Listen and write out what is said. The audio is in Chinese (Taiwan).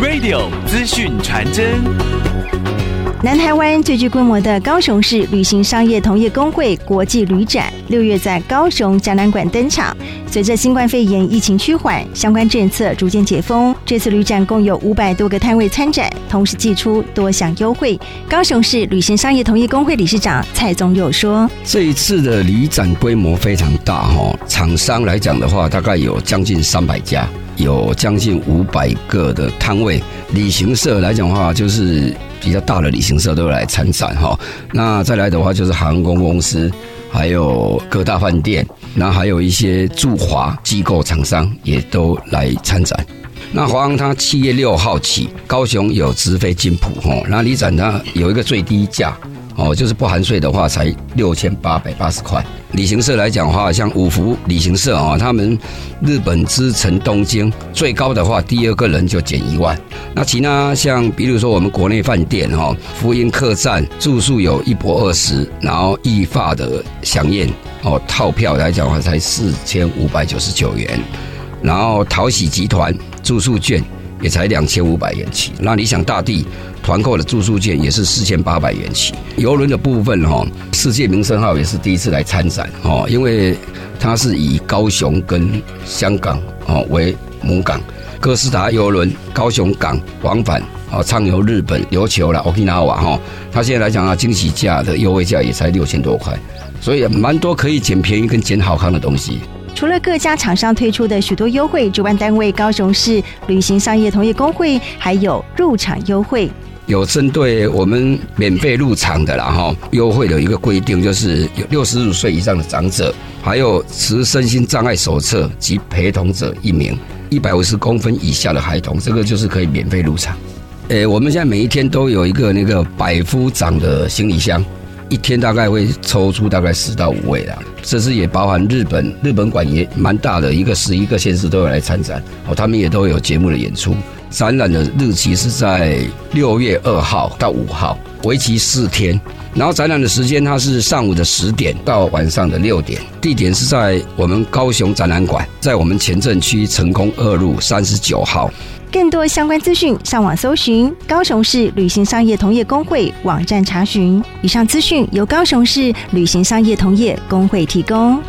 Radio 資訊傳真。南台灣最具規模的高雄市旅行商業同業公會國際旅展，六月在高雄展覽館登場。隨着新冠肺炎疫情趨緩，相關政策逐漸解封，這次旅展共有五百多個攤位參展，同時祭出多項優惠。高雄市旅行商業同業公會理事長蔡宗佑說：“這一次的旅展規模非常大，哈，廠商來講的話，大概有將近三百家。”有將近五百個的攤位，旅行社來講的話，就是比較大的旅行社都來參展哈。那再來的話，就是航空公司，還有各大飯店，然後還有一些駐華機構廠商也都來參展。那華航它七月六號起，高雄有直飛金浦哈。那旅展呢，有一個最低價。哦，就是不含稅的話才六千八百八十塊。旅行社來講的話，像五福旅行社啊、哦，他們日本之城東京最高的話，第二個人就減一萬。那其他像，比如說我們國內飯店哦，福音客棧住宿有一泊二十，然後易發的享宴哦套票來講的話才四千五百九十九元，然後淘喜集團住宿券。也才兩千五百元起，那理想大地團購的住宿券也是四千八百元起。遊輪的部分哈、哦，世界名勝號也是第一次來參展哦，因為它是以高雄跟香港哦為母港，哥斯達遊輪高雄港往返哦暢遊日本琉球了，Okinawa 哈，它現在來講啊，驚喜價的優惠價也才六千多塊，所以蠻多可以撿便宜跟撿好康的東西。除了各家廠商推出的許多優惠，主辦單位高雄市旅行商業同業公會還有入場優惠，有針對我們免費入場的啦，然後優惠的一個規定就是有六十五歲以上的長者，還有持身心障礙手冊及陪同者一名，一百五十公分以下的孩童，這個就是可以免費入場。誒、欸，我們現在每一天都有一個那個百夫長的行李箱。一天大概會抽出大概四到五位啦，這次也包含日本，日本館也蠻大的，一個十一個縣市都有來參展，哦，他們也都會有節目的演出。展覽的日期是在六月二號到五號，為期四天。然後展覽的時間它是上午的十點到晚上的六點，地點是在我們高雄展覽館，在我們前鎮區成功二路三十九號。更多相關資訊，上網搜尋高雄市旅行商業同業公會網站查詢。以上資訊由高雄市旅行商業同業公會提供。